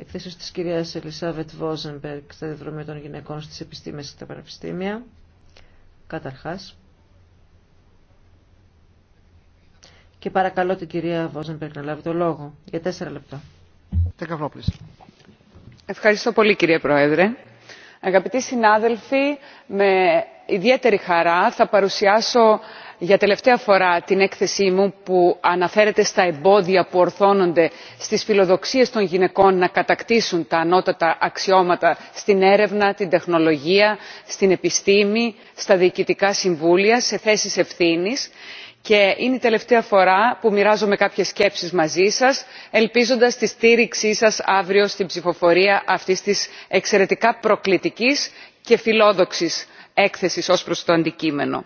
Εκθέσεις της κυρίας Ελισάβετ Βόζενμπεργκ στα δεδρομία των γυναικών στις επιστήμες και τα πανεπιστήμια. Καταρχάς. Και παρακαλώ την κυρία Βόζενμπεργκ να λάβει το λόγο για τέσσερα λεπτά. Ευχαριστώ πολύ κυρία Πρόεδρε. Αγαπητοί συνάδελφοι, με ιδιαίτερη χαρά θα παρουσιάσω για τελευταία φορά την έκθεσή μου που αναφέρεται στα εμπόδια που ορθώνονται στις φιλοδοξίες των γυναικών να κατακτήσουν τα ανώτατα αξιώματα στην έρευνα την τεχνολογία στην επιστήμη στα διοικητικά συμβούλια σε θέσεις ευθύνης και είναι η τελευταία φορά που μοιράζομαι κάποιες σκέψεις μαζί σας ελπίζοντας τη στήριξή σας αύριο στην ψηφοφορία αυτής της εξαιρετικά προκλητικής και φιλόδοξης έκθεσης ως προς το αντικείμενο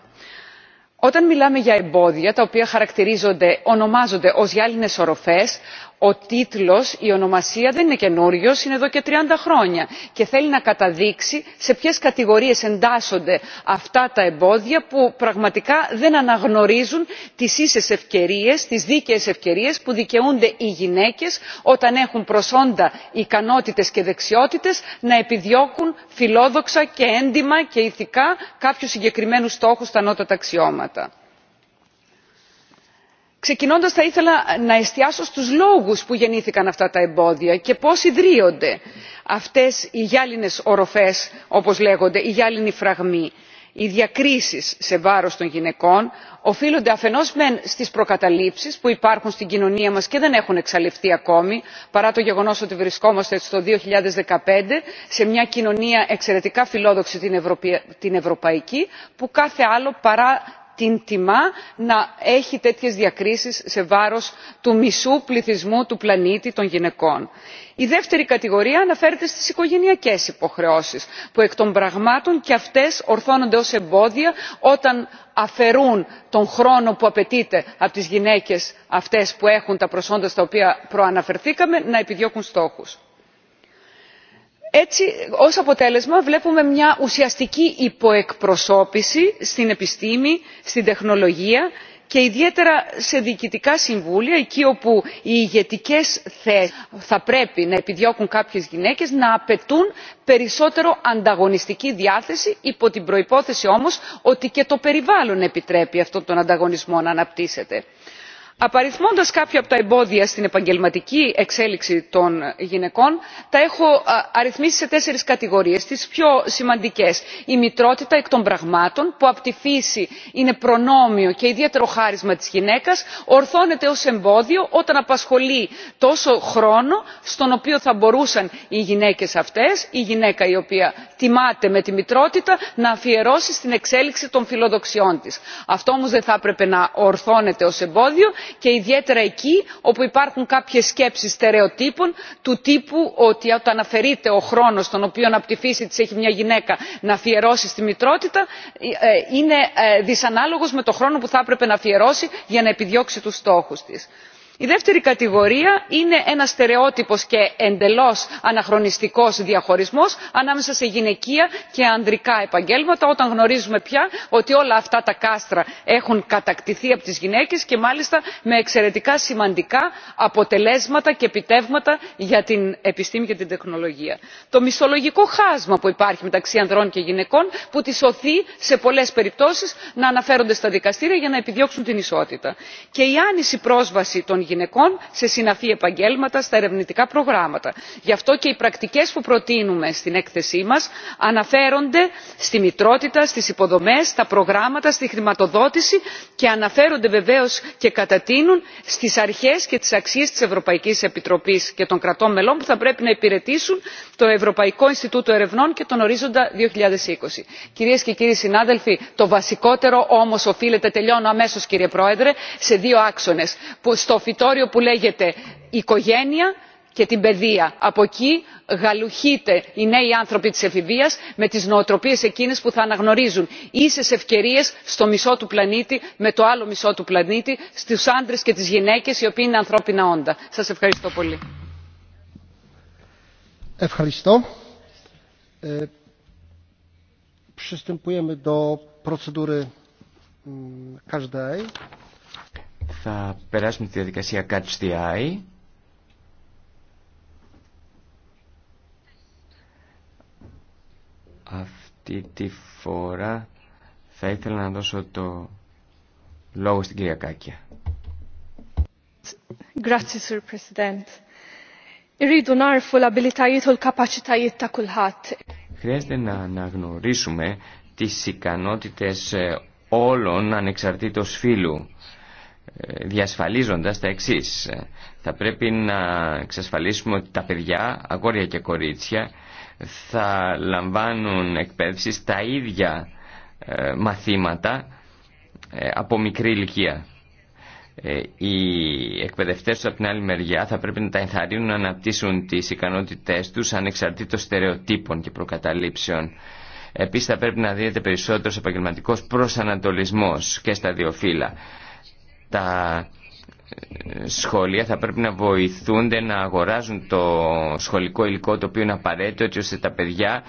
όταν μιλάμε για εμπόδια τα οποία χαρακτηρίζονται ονομάζονται ως γυάλινες οροφές ο τίτλος η ονομασία δεν είναι καινούριο, είναι εδώ και 30 χρόνια και θέλει να καταδείξει σε ποιες κατηγορίες εντάσσονται αυτά τα εμπόδια που πραγματικά δεν αναγνωρίζουν τις ίσες ευκαιρίες τις δίκαιες ευκαιρίες που δικαιούνται οι γυναίκες όταν έχουν προσόντα ικανότητες και δεξιότητες να επιδιώκουν φιλόδοξα και έντιμα και ηθικά κάποιου συγκεκριμένους στόχους στα ανώτατα αξιώματα ξεκινώντας θα ήθελα να εστιάσω στους λόγους που γεννήθηκαν αυτά τα εμπόδια και πώς ιδρύονται αυτές οι γυάλινες οροφές όπως λέγονται οι γυάλινοι φραγμοί. οι διακρίσεις σε βάρος των γυναικών οφείλονται αφενός μεν στις προκαταλήψεις που υπάρχουν στην κοινωνία μας και δεν έχουν εξαλειφθεί ακόμη παρά το γεγονός ότι βρισκόμαστε στο 2015 σε μια κοινωνία εξαιρετικά φιλόδοξη την ευρωπαϊκή που κάθε άλλο παρά την τιμά να έχει τέτοιες διακρίσεις σε βάρος του μισού πληθυσμού του πλανήτη των γυναικών. η δεύτερη κατηγορία αναφέρεται στις οικογενειακές υποχρεώσεις που εκ των πραγμάτων και αυτές ορθώνονται ως εμπόδια όταν αφαιρούν τον χρόνο που απαιτείται από τις γυναίκες αυτές που έχουν τα προσόντα στα οποία προαναφερθήκαμε να επιδιώκουν στόχους έτσι ως αποτέλεσμα βλέπουμε μια ουσιαστική υποεκπροσώπηση στην επιστήμη στην τεχνολογία και ιδιαίτερα σε διοικητικά συμβούλια εκεί όπου οι ηγετικές θέσεις θα πρέπει να επιδιώκουν κάποιες γυναίκες να απαιτούν περισσότερο ανταγωνιστική διάθεση υπό την προϋπόθεση όμως ότι και το περιβάλλον επιτρέπει αυτόν τον ανταγωνισμό να αναπτύσσεται απαριθμώντας κάποια από τα εμπόδια στην επαγγελματική εξέλιξη των γυναικών τα έχω αριθμίσει σε τέσσερις κατηγορίες τις πιο σημαντικές η μητρότητα εκ των πραγμάτων που από τη φύση είναι προνόμιο και ιδιαίτερο χάρισμα της γυναίκας ορθώνεται ως εμπόδιο όταν απασχολεί τόσο χρόνο στον οποίο θα μπορούσαν οι γυναίκες αυτές η γυναίκα η οποία τιμάται με τη μητρότητα να αφιερώσει στην εξέλιξη των φιλοδοξιών της. αυτό όμως δεν θα έπρεπε να ορθώνεται ως εμπόδιο και ιδιαίτερα εκεί όπου υπάρχουν κάποιες σκέψεις στερεοτύπων του τύπου ότι όταν αφαιρείται ο χρόνος τον οποίο από τη φύση της έχει μια γυναίκα να αφιερώσει στη μητρότητα ε, ε, είναι ε, δυσανάλογος με τον χρόνο που θα έπρεπε να αφιερώσει για να επιδιώξει τους στόχους της η δεύτερη κατηγορία είναι ένα στερεότυπος και εντελώς αναχρονιστικός διαχωρισμός ανάμεσα σε γυναικεία και ανδρικά επαγγέλματα όταν γνωρίζουμε πια ότι όλα αυτά τα κάστρα έχουν κατακτηθεί από τις γυναίκες και μάλιστα με εξαιρετικά σημαντικά αποτελέσματα και επιτεύγματα για την επιστήμη και την τεχνολογία. το μισθολογικό χάσμα που υπάρχει μεταξύ ανδρών και γυναικών που τις οθεί σε πολλές περιπτώσεις να αναφέρονται στα δικαστήρια για να επιδιώξουν την ισότητα και η άνηση πρόσβαση των γυναικών σε συναφή επαγγέλματα στα ερευνητικά προγράμματα. γι' αυτό και οι πρακτικέ που προτείνουμε στην έκθεσή μα αναφέρονται στη μητρότητα στι υποδομέ, στα προγράμματα στη χρηματοδότηση και αναφέρονται βεβαίω και κατατείνουν στι αρχέ και τι αξίε τη Ευρωπαϊκή Επιτροπή και των κρατών μελών που θα πρέπει να υπηρετήσουν το ευρωπαϊκό ινστιτούτο ερευνών και τον ορίζοντα. 2020. Κυρίε και κύριοι συνάδελφοι, το βασικότερο όμω οφείλεται, τελειώνω αμέσω, κύριε Πρόεδρε, σε δύο άξονε. Στο προφητόριο που λέγεται οικογένεια και την παιδεία. από εκεί γαλουχείται οι νέοι άνθρωποι της εφηβείας με τις νοοτροπίες εκείνες που θα αναγνωρίζουν ίσες ευκαιρίες στο μισό του πλανήτη με το άλλο μισό του πλανήτη στους άντρες και τις γυναίκες οι οποίοι είναι ανθρώπινα όντα. σας ευχαριστώ πολύ. Ευχαριστώ. Ε, θα περάσουμε τη διαδικασία Catch the Eye. Αυτή τη φορά θα ήθελα να δώσω το λόγο στην κυρία Κάκια. Grazie, Sir President. Χρειάζεται να αναγνωρίσουμε τις ικανότητες ε, όλων ανεξαρτήτως φύλου ε, διασφαλίζοντας τα εξής. Ε, θα πρέπει να εξασφαλίσουμε ότι τα παιδιά, αγόρια και κορίτσια, θα λαμβάνουν εκπαίδευση στα ίδια ε, μαθήματα από μικρή ηλικία. Οι εκπαιδευτές από την άλλη μεριά θα πρέπει να τα ενθαρρύνουν να αναπτύσσουν τις ικανότητές τους ανεξαρτήτως στερεοτύπων και προκαταλήψεων. Επίσης θα πρέπει να δίνεται περισσότερος επαγγελματικός προσανατολισμός και στα δύο φύλλα τα σχολεία θα πρέπει να βοηθούνται να αγοράζουν το σχολικό υλικό το οποίο είναι απαραίτητο έτσι ώστε τα παιδιά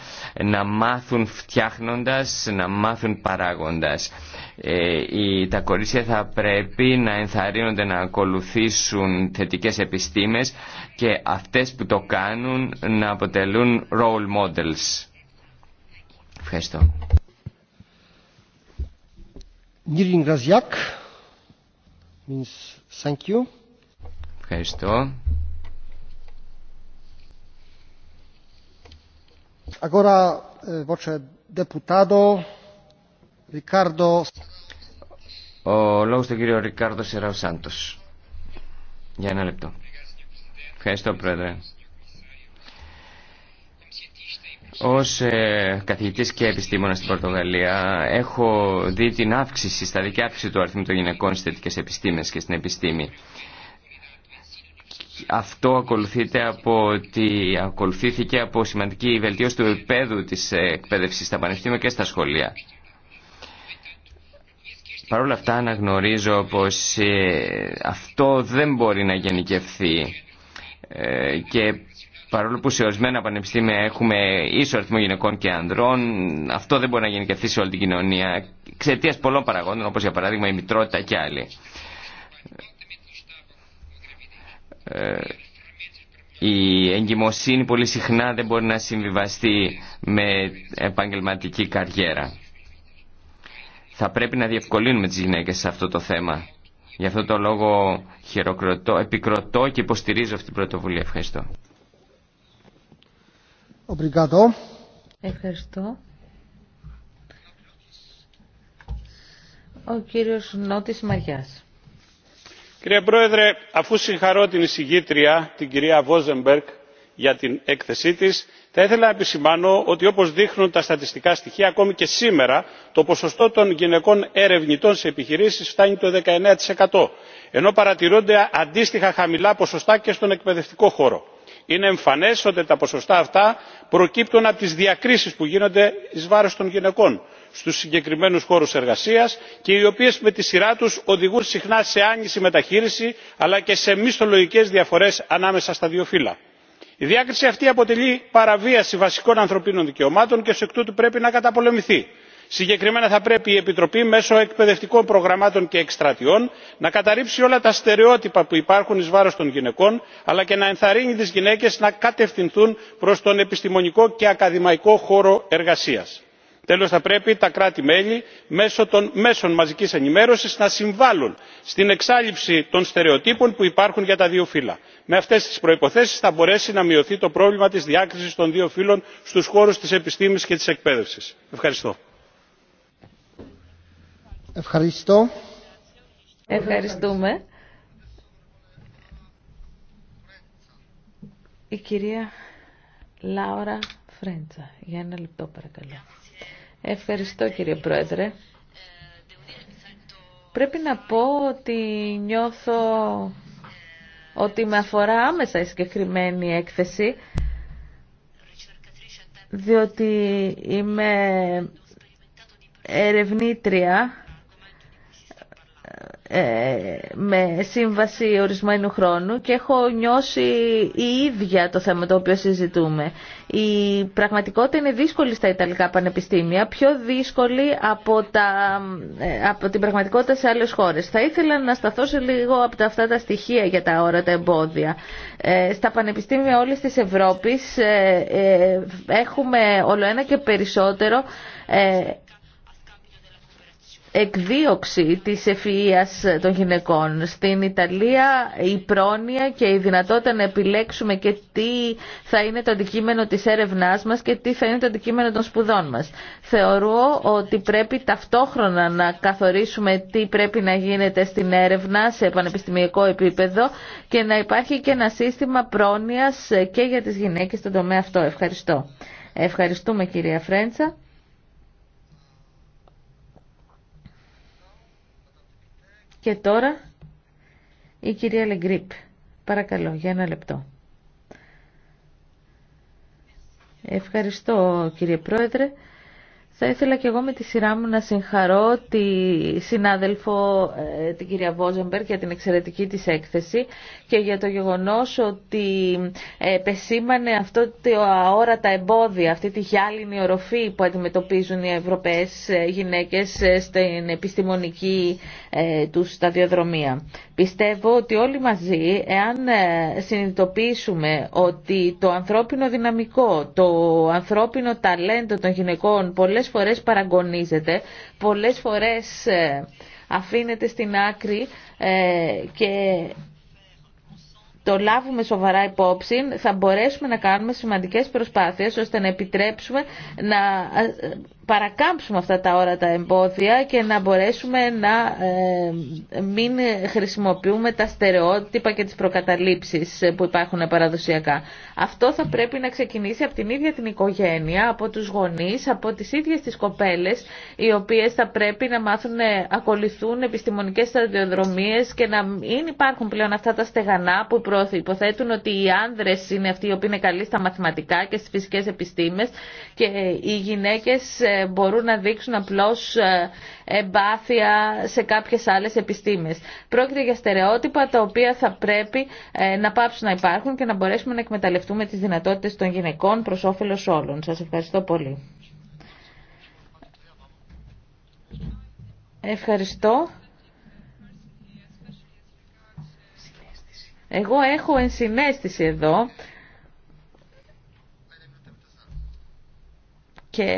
να μάθουν φτιάχνοντας, να μάθουν παράγοντας. Ε, τα κορίτσια θα πρέπει να ενθαρρύνονται να ακολουθήσουν θετικές επιστήμες και αυτές που το κάνουν να αποτελούν role models. Ευχαριστώ. Ευχαριστώ. Eh, Ο λόγος του κύριο Ρικάρδο Σεραουσάντος. Για ένα λεπτό. Ευχαριστώ, Πρόεδρε. Ως ε, καθηγητής και επιστήμονας στην Πορτογαλία έχω δει την αύξηση, σταδική αύξηση του αριθμού των γυναικών στις θετικές επιστήμες και στην επιστήμη. Αυτό ακολουθείται από ότι ακολουθήθηκε από σημαντική βελτίωση του επίπεδου της εκπαίδευσης στα πανεπιστήμια και στα σχολεία. Παρ' όλα αυτά αναγνωρίζω πως ε, αυτό δεν μπορεί να γενικευθεί ε, και Παρόλο που σε ορισμένα πανεπιστήμια έχουμε ίσο αριθμό γυναικών και ανδρών, αυτό δεν μπορεί να γίνει και σε όλη την κοινωνία, εξαιτία πολλών παραγόντων, όπω για παράδειγμα η μητρότητα και άλλοι. Ε, η εγκυμοσύνη πολύ συχνά δεν μπορεί να συμβιβαστεί με επαγγελματική καριέρα. Θα πρέπει να διευκολύνουμε τις γυναίκες σε αυτό το θέμα. Γι' αυτό το λόγο χειροκροτώ, επικροτώ και υποστηρίζω αυτή την πρωτοβουλία. Ευχαριστώ. Ευχαριστώ. Ο κύριος Νότης Μαριάς. Κύριε Πρόεδρε, αφού συγχαρώ την εισηγήτρια, την κυρία Βόζεμπερκ, για την έκθεσή της, θα ήθελα να επισημάνω ότι όπως δείχνουν τα στατιστικά στοιχεία, ακόμη και σήμερα το ποσοστό των γυναικών ερευνητών σε επιχειρήσεις φτάνει το 19%, ενώ παρατηρούνται αντίστοιχα χαμηλά ποσοστά και στον εκπαιδευτικό χώρο είναι εμφανέ ότι τα ποσοστά αυτά προκύπτουν από τις διακρίσεις που γίνονται ει βάρο των γυναικών στους συγκεκριμένους χώρους εργασίας και οι οποίες με τη σειρά τους οδηγούν συχνά σε άνηση μεταχείριση αλλά και σε μισθολογικές διαφορές ανάμεσα στα δύο φύλλα. η διάκριση αυτή αποτελεί παραβίαση βασικών ανθρωπίνων δικαιωμάτων και ω εκ τούτου πρέπει να καταπολεμηθεί συγκεκριμένα θα πρέπει η επιτροπή μέσω εκπαιδευτικών προγραμμάτων και εκστρατιών να καταρρύψει όλα τα στερεότυπα που υπάρχουν ει βάρο των γυναικών αλλά και να ενθαρρύνει τι γυναίκε να κατευθυνθούν προ τον επιστημονικό και ακαδημαϊκό χώρο εργασία. τέλος θα πρέπει τα κράτη μέλη μέσω των μέσων μαζικής ενημέρωσης να συμβάλλουν στην εξάλληψη των στερεοτύπων που υπάρχουν για τα δύο φύλλα. με αυτές τις προϋποθέσεις θα μπορέσει να μειωθεί το πρόβλημα της διάκριση των δύο φύλων στους χώρους της επιστήμης και της εκπαίδευσης. ευχαριστώ. Ευχαριστώ. Ευχαριστούμε. Η κυρία Λάουρα Φρέντσα. Για ένα λεπτό παρακαλώ. Ευχαριστώ κύριε Πρόεδρε. Πρέπει να πω ότι νιώθω ότι με αφορά άμεσα η συγκεκριμένη έκθεση διότι είμαι ερευνήτρια ε, με σύμβαση ορισμένου χρόνου και έχω νιώσει η ίδια το θέμα το οποίο συζητούμε. Η πραγματικότητα είναι δύσκολη στα Ιταλικά πανεπιστήμια, πιο δύσκολη από, τα, ε, από την πραγματικότητα σε άλλες χώρες. Θα ήθελα να σταθώ σε λίγο από τα, αυτά τα στοιχεία για τα όρατα εμπόδια. Ε, στα πανεπιστήμια όλης της Ευρώπης ε, έχουμε όλο ένα και περισσότερο εκδίωξη της ευφυΐας των γυναικών. Στην Ιταλία η πρόνοια και η δυνατότητα να επιλέξουμε και τι θα είναι το αντικείμενο της έρευνάς μας και τι θα είναι το αντικείμενο των σπουδών μας. Θεωρώ ότι πρέπει ταυτόχρονα να καθορίσουμε τι πρέπει να γίνεται στην έρευνα σε πανεπιστημιακό επίπεδο και να υπάρχει και ένα σύστημα πρόνοιας και για τις γυναίκες στον τομέα αυτό. Ευχαριστώ. Ευχαριστούμε κυρία Φρέντσα. Και τώρα η κυρία Λεγκρίπ. Παρακαλώ, για ένα λεπτό. Ευχαριστώ κύριε Πρόεδρε. Θα ήθελα και εγώ με τη σειρά μου να συγχαρώ τη συνάδελφο ε, την κυρία Βόζεμπερ για την εξαιρετική της έκθεση και για το γεγονός ότι ε, επεσήμανε αυτό το αόρατα εμπόδια, αυτή τη γυάλινη οροφή που αντιμετωπίζουν οι Ευρωπαίες ε, γυναίκες στην επιστημονική του σταδιοδρομία. Πιστεύω ότι όλοι μαζί, εάν συνειδητοποιήσουμε ότι το ανθρώπινο δυναμικό, το ανθρώπινο ταλέντο των γυναικών φορές παραγωνίζεται, πολλές φορές ε, αφήνεται στην άκρη ε, και το λάβουμε σοβαρά υπόψη, θα μπορέσουμε να κάνουμε σημαντικές προσπάθειες ώστε να επιτρέψουμε να ε, παρακάμψουμε αυτά τα όρατα εμπόδια και να μπορέσουμε να ε, μην χρησιμοποιούμε τα στερεότυπα και τις προκαταλήψεις που υπάρχουν παραδοσιακά. Αυτό θα πρέπει να ξεκινήσει από την ίδια την οικογένεια, από τους γονείς, από τις ίδιες τις κοπέλες, οι οποίες θα πρέπει να μάθουν να ε, ακολουθούν επιστημονικές σταδιοδρομίες και να μην υπάρχουν πλέον αυτά τα στεγανά που υποθέτουν ότι οι άνδρες είναι αυτοί οι οποίοι είναι καλοί στα μαθηματικά και στις φυσικές επιστήμες και ε, οι γυναίκες μπορούν να δείξουν απλώς ε, εμπάθεια σε κάποιες άλλες επιστήμες. Πρόκειται για στερεότυπα τα οποία θα πρέπει ε, να πάψουν να υπάρχουν και να μπορέσουμε να εκμεταλλευτούμε τις δυνατότητες των γυναικών προς όφελος όλων. Σας ευχαριστώ πολύ. Ευχαριστώ. Εγώ έχω ενσυναίσθηση εδώ και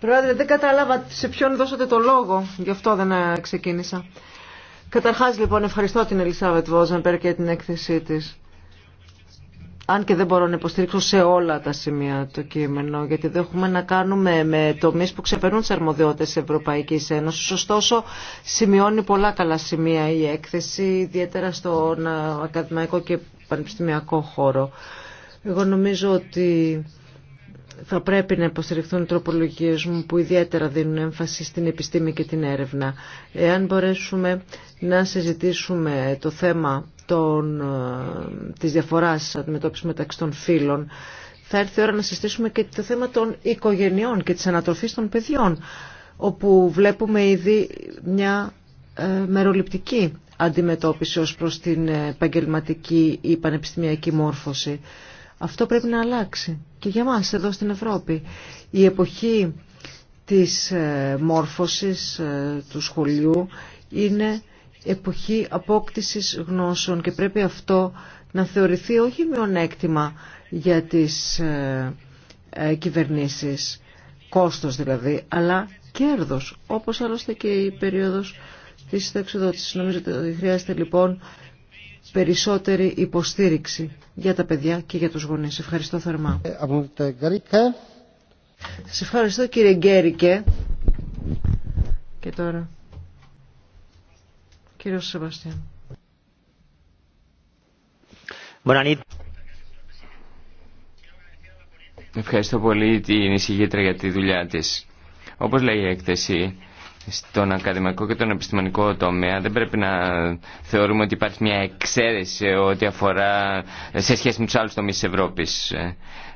Πρόεδρε, δεν κατάλαβα σε ποιον δώσατε το λόγο, γι' αυτό δεν ε, ξεκίνησα. Καταρχά λοιπόν ευχαριστώ την Ελισάβετ Βόζεμπερ και την έκθεσή τη. Αν και δεν μπορώ να υποστηρίξω σε όλα τα σημεία το κείμενο, γιατί δεν έχουμε να κάνουμε με τομεί που ξεπερνούν τι αρμοδιότητε τη Ευρωπαϊκή Ένωση. Ωστόσο, σημειώνει πολλά καλά σημεία η έκθεση, ιδιαίτερα στον ε, ακαδημαϊκό και πανεπιστημιακό χώρο. Εγώ νομίζω ότι θα πρέπει να υποστηριχθούν οι τροπολογίες μου που ιδιαίτερα δίνουν έμφαση στην επιστήμη και την έρευνα. Εάν μπορέσουμε να συζητήσουμε το θέμα των, ε, της διαφοράς αντιμετώπισης μεταξύ των φύλων, θα έρθει η ώρα να συζητήσουμε και το θέμα των οικογενειών και της ανατροφής των παιδιών, όπου βλέπουμε ήδη μια ε, μεροληπτική αντιμετώπιση ως προς την επαγγελματική ή πανεπιστημιακή μόρφωση. Αυτό πρέπει να αλλάξει και για μας εδώ στην Ευρώπη. Η εποχή της ε, μόρφωσης ε, του σχολείου είναι εποχή απόκτησης γνώσεων και πρέπει αυτό να θεωρηθεί όχι μειονέκτημα για τις ε, κυβερνήσεις, κόστος δηλαδή, αλλά κέρδος, όπως άλλωστε και η περίοδος της εξοδότησης. Νομίζω ότι χρειάζεται λοιπόν περισσότερη υποστήριξη για τα παιδιά και για τους γονείς. Ευχαριστώ θερμά. Ε, Σας ευχαριστώ κύριε Γκέρικε. Και τώρα, κύριος Σεβαστιάν. Ευχαριστώ πολύ την εισηγήτρια για τη δουλειά της. Όπως λέει η έκθεση, στον ακαδημαϊκό και τον επιστημονικό τομέα δεν πρέπει να θεωρούμε ότι υπάρχει μια εξαίρεση ό,τι αφορά σε σχέση με τους άλλους τομείς της Ευρώπης.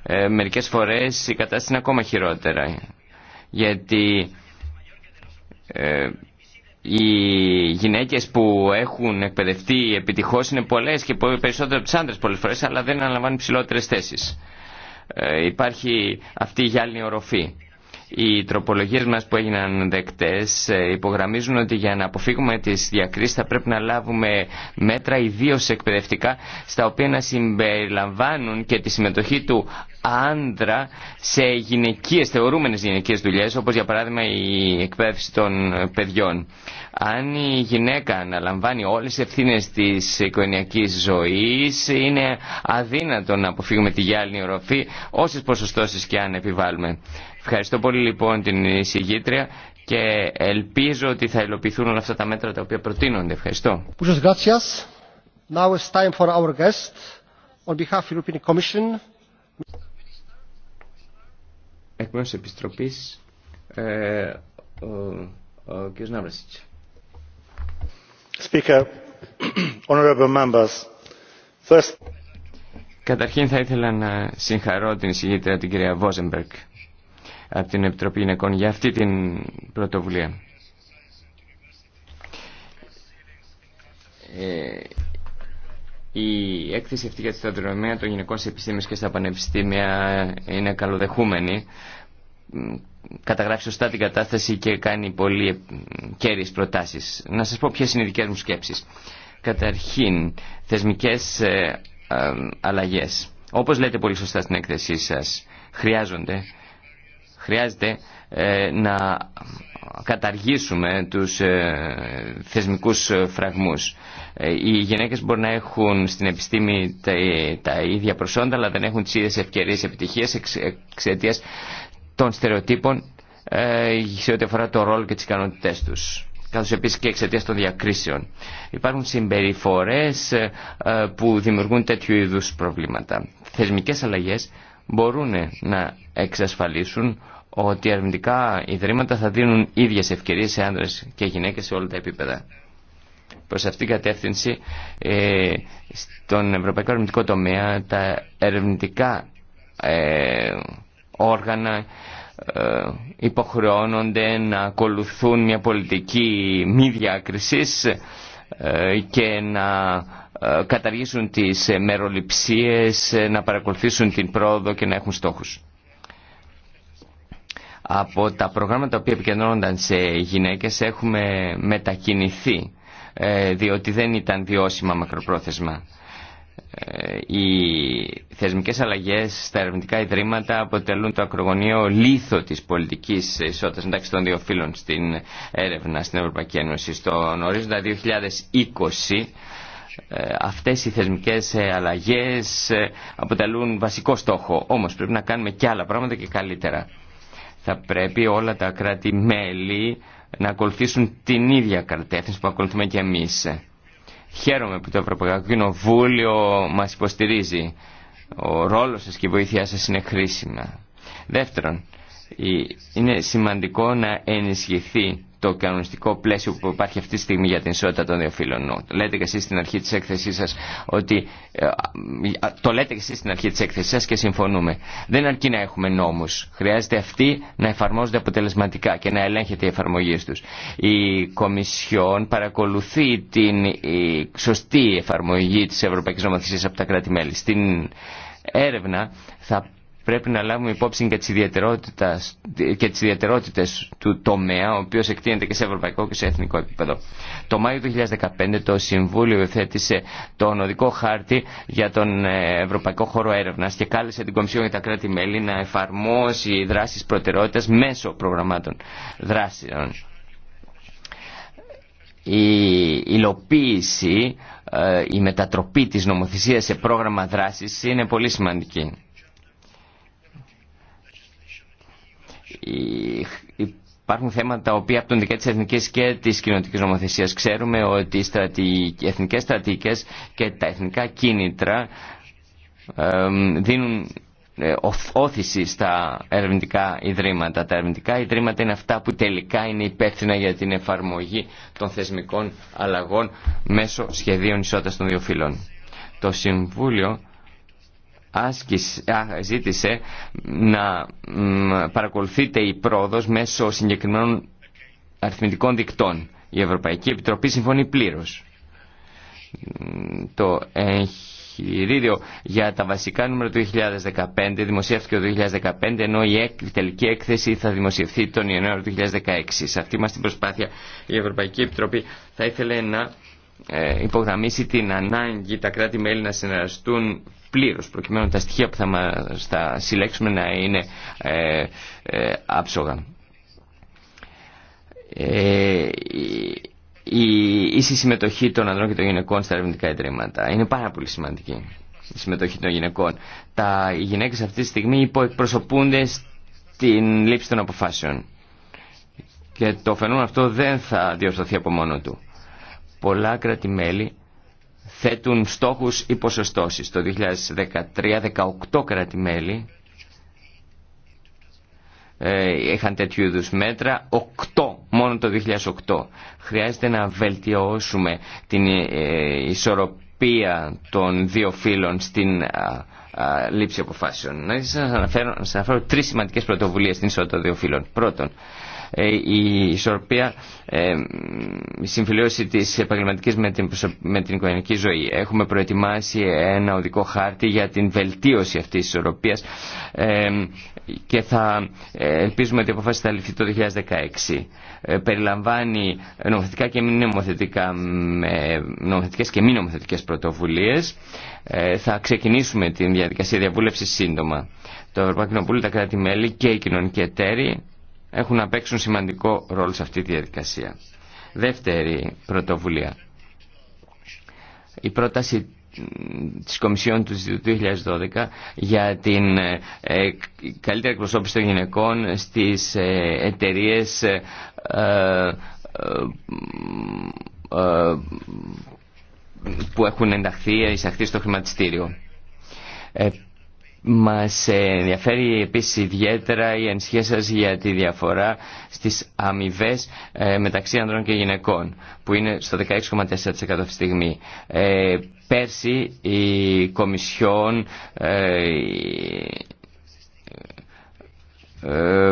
Ε, μερικές φορές η κατάσταση είναι ακόμα χειρότερα γιατί ε, οι γυναίκες που έχουν εκπαιδευτεί επιτυχώ είναι πολλές και περισσότερο από τους άντρε πολλέ φορέ, αλλά δεν αναλαμβάνουν ψηλότερες θέσει. Ε, υπάρχει αυτή η γυάλινη οροφή. Οι τροπολογίες μας που έγιναν δεκτές ε, υπογραμμίζουν ότι για να αποφύγουμε τις διακρίσεις θα πρέπει να λάβουμε μέτρα ιδίως εκπαιδευτικά στα οποία να συμπεριλαμβάνουν και τη συμμετοχή του άντρα σε γυναικείες, θεωρούμενες γυναικείες δουλειές, όπως για παράδειγμα η εκπαίδευση των παιδιών. Αν η γυναίκα αναλαμβάνει όλες τις ευθύνες της οικογενειακής ζωής, είναι αδύνατο να αποφύγουμε τη γυάλινη οροφή, όσες ποσοστώσεις και αν επιβάλλουμε. Ευχαριστώ πολύ λοιπόν την συγγήτρια και ελπίζω ότι θα υλοποιηθούν όλα αυτά τα μέτρα τα οποία προτείνονται. Ευχαριστώ. Now it's time for our guest. On behalf of the European Commission, εκ μέρους της Επιστροπής ε, ο, ο κ. Ναύρασιτς. Speaker, honorable members, first... Καταρχήν θα ήθελα να συγχαρώ την συγγήτρια την κυρία Βόζεμπερκ από την Επιτροπή Γυναικών για αυτή την πρωτοβουλία. Ε, η έκθεση αυτή για τη σταδιοδρομία των γυναικών σε επιστήμες και στα πανεπιστήμια είναι καλοδεχούμενη. Καταγράφει σωστά την κατάσταση και κάνει πολύ κέρυες προτάσεις. Να σας πω ποιες είναι οι δικές μου σκέψεις. Καταρχήν, θεσμικές ε, ε, αλλαγές. Όπως λέτε πολύ σωστά στην έκθεσή σας, χρειάζονται. Χρειάζεται ε, να καταργήσουμε τους ε, θεσμικούς φραγμούς. Ε, οι γυναίκες μπορεί να έχουν στην επιστήμη τα ίδια προσόντα αλλά δεν έχουν τις ίδιες ευκαιρίες επιτυχίες εξαιτίας των στερεοτύπων σε ό,τι αφορά το ρόλο και τις ικανότητές τους καθώς επίσης και εξαιτία των διακρίσεων. Υπάρχουν συμπεριφορές που δημιουργούν τέτοιου είδους προβλήματα. Θεσμικές αλλαγές μπορούν να εξασφαλίσουν ότι ερευνητικά ιδρύματα θα δίνουν ίδιες ευκαιρίες σε άνδρες και γυναίκες σε όλα τα επίπεδα. Προς αυτήν την κατεύθυνση, ε, στον ευρωπαϊκό ερευνητικό τομέα, τα ερευνητικά ε, όργανα ε, υποχρεώνονται να ακολουθούν μια πολιτική μη διάκρισης και να καταργήσουν τις μεροληψίες, να παρακολουθήσουν την πρόοδο και να έχουν στόχους. Από τα προγράμματα που επικεντρώνονταν σε γυναίκες έχουμε μετακινηθεί ε, διότι δεν ήταν βιώσιμα μακροπρόθεσμα. Ε, οι θεσμικές αλλαγές στα ερευνητικά ιδρύματα αποτελούν το ακρογωνίο λίθο της πολιτικής ισότητας μεταξύ των δύο φύλων στην έρευνα στην Ευρωπαϊκή Ένωση. Στον ορίζοντα 2020 ε, αυτές οι θεσμικές αλλαγές αποτελούν βασικό στόχο. Όμως πρέπει να κάνουμε και άλλα πράγματα και καλύτερα θα πρέπει όλα τα κράτη-μέλη να ακολουθήσουν την ίδια κατεύθυνση που ακολουθούμε και εμείς. Χαίρομαι που το Ευρωπαϊκό Κοινοβούλιο μας υποστηρίζει. Ο ρόλος σας και η βοήθειά σας είναι χρήσιμα. Δεύτερον, είναι σημαντικό να ενισχυθεί το κανονιστικό πλαίσιο που υπάρχει αυτή τη στιγμή για την ισότητα των δύο φύλων. Λέτε και εσείς στην αρχή της έκθεσής σας ότι... Ε, το λέτε και εσείς στην αρχή της έκθεσής σας και συμφωνούμε. Δεν αρκεί να έχουμε νόμους. Χρειάζεται αυτοί να εφαρμόζονται αποτελεσματικά και να ελέγχεται η εφαρμογή τους. Η Κομισιόν παρακολουθεί την σωστή εφαρμογή της Ευρωπαϊκής Νομοθεσίας από τα κράτη-μέλη. Στην έρευνα θα πρέπει να λάβουμε υπόψη και τις, ιδιαιτερότητες, του τομέα, ο οποίος εκτείνεται και σε ευρωπαϊκό και σε εθνικό επίπεδο. Το Μάιο του 2015 το Συμβούλιο υιοθέτησε τον οδικό χάρτη για τον ε, Ευρωπαϊκό Χώρο Έρευνας και κάλεσε την Κομισιόν για τα κράτη-μέλη να εφαρμόσει δράσεις προτεραιότητας μέσω προγραμμάτων δράσεων. Η υλοποίηση, ε, η μετατροπή της νομοθεσίας σε πρόγραμμα δράσης είναι πολύ σημαντική. υπάρχουν θέματα τα οποία από τον δικά της εθνικής και της κοινωνικής νομοθεσίας ξέρουμε ότι οι εθνικές στρατηγικές και τα εθνικά κίνητρα δίνουν ε, όθηση στα ερευνητικά ιδρύματα. Τα ερευνητικά ιδρύματα είναι αυτά που τελικά είναι υπεύθυνα για την εφαρμογή των θεσμικών αλλαγών μέσω σχεδίων ισότητας των δύο φύλων. Το Συμβούλιο άσκησε, ζήτησε να παρακολουθείται η πρόοδος μέσω συγκεκριμένων αριθμητικών δικτών. Η Ευρωπαϊκή Επιτροπή συμφωνεί πλήρως. Το εγχειρίδιο για τα βασικά νούμερα του 2015 δημοσιεύτηκε το 2015 ενώ η τελική έκθεση θα δημοσιευθεί τον Ιανουάριο του 2016. Σε αυτή μας την προσπάθεια η Ευρωπαϊκή Επιτροπή θα ήθελε να ε, υπογραμμίσει την ανάγκη τα κράτη-μέλη να συνεργαστούν πλήρως προκειμένου τα στοιχεία που θα μας συλλέξουμε να είναι ε, ε, άψογα. Ε, η ίση συμμετοχή των ανδρών και των γυναικών στα ερευνητικά ιδρύματα είναι πάρα πολύ σημαντική. Η συμμετοχή των γυναικών. Τα, οι γυναίκες αυτή τη στιγμή υποεκπροσωπούνται στην λήψη των αποφάσεων. Και το φαινόμενο αυτό δεν θα διορθωθεί από μόνο του πολλά κράτη-μέλη θέτουν στόχους ή ποσοστώσεις. Το 2013 18 κράτη-μέλη ε, είχαν τέτοιου είδους μέτρα, 8 μόνο το 2008. Χρειάζεται να βελτιώσουμε την ε, ισορροπία των δύο φύλων στην λήψη αποφάσεων. Να σας αναφέρω, να σας αναφέρω τρεις σημαντικές πρωτοβουλίες στην ισότητα των δύο φύλων. Πρώτον, ε, η ισορροπία, ε, η συμφιλίωση της επαγγελματικής με την, με οικογενειακή ζωή. Έχουμε προετοιμάσει ένα οδικό χάρτη για την βελτίωση αυτής της ισορροπίας ε, και θα ελπίζουμε ότι η αποφάση θα ληφθεί το 2016. περιλαμβάνει νομοθετικά και μη νομοθετικά, νομοθετικές και μη νομοθετικές πρωτοβουλίες. θα ξεκινήσουμε την διαδικασία διαβούλευση σύντομα. Το Ευρωπαϊκό Κοινοβούλιο, τα κράτη-μέλη και οι κοινωνικοί εταίροι έχουν να παίξουν σημαντικό ρόλο σε αυτή τη διαδικασία. Δεύτερη πρωτοβουλία. Η πρόταση της Κομισιόν του 2012 για την ε, ε, καλύτερη εκπροσώπηση των γυναικών στις ε, εταιρείε που έχουν ενταχθεί, εισαχθεί στο χρηματιστήριο. Μας ενδιαφέρει επίσης ιδιαίτερα η ενσχέση σας για τη διαφορά στις αμοιβέ ε, μεταξύ ανδρών και γυναικών που είναι στο 16,4% αυτή τη στιγμή. Ε, πέρσι η Κομισιόν ε, ε,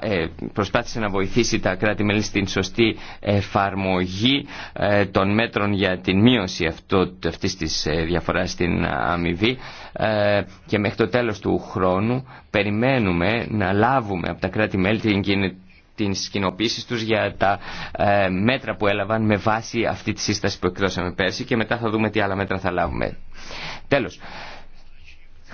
ε, προσπάθησε να βοηθήσει τα κράτη-μέλη στην σωστή εφαρμογή ε, των μέτρων για την μείωση αυτό, αυτής της διαφοράς στην αμοιβή και μέχρι το τέλος του χρόνου περιμένουμε να λάβουμε από τα κράτη-μέλη την την κοινοποίηση τους για τα μέτρα που έλαβαν με βάση αυτή τη σύσταση που εκδώσαμε πέρσι και μετά θα δούμε τι άλλα μέτρα θα λάβουμε. Τέλος,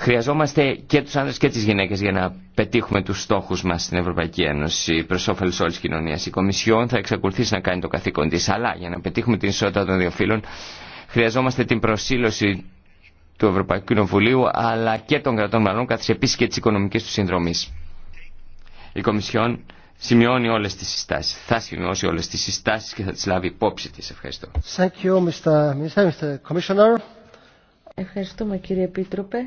Χρειαζόμαστε και τους άνδρες και τις γυναίκες για να πετύχουμε τους στόχους μας στην Ευρωπαϊκή Ένωση προς όφελο όλης της κοινωνίας. Η Κομισιόν θα εξακολουθήσει να κάνει το καθήκον της, αλλά για να πετύχουμε την ισότητα των δύο φύλων χρειαζόμαστε την προσήλωση του Ευρωπαϊκού Κοινοβουλίου αλλά και των κρατών μελών καθώς επίσης και της οικονομικής του συνδρομής. Η Κομισιόν σημειώνει όλες τις συστάσεις. Θα σημειώσει όλες τις συστάσεις και θα τι λάβει υπόψη τη. Ευχαριστώ. Thank Ευχαριστούμε κύριε Επίτροπε.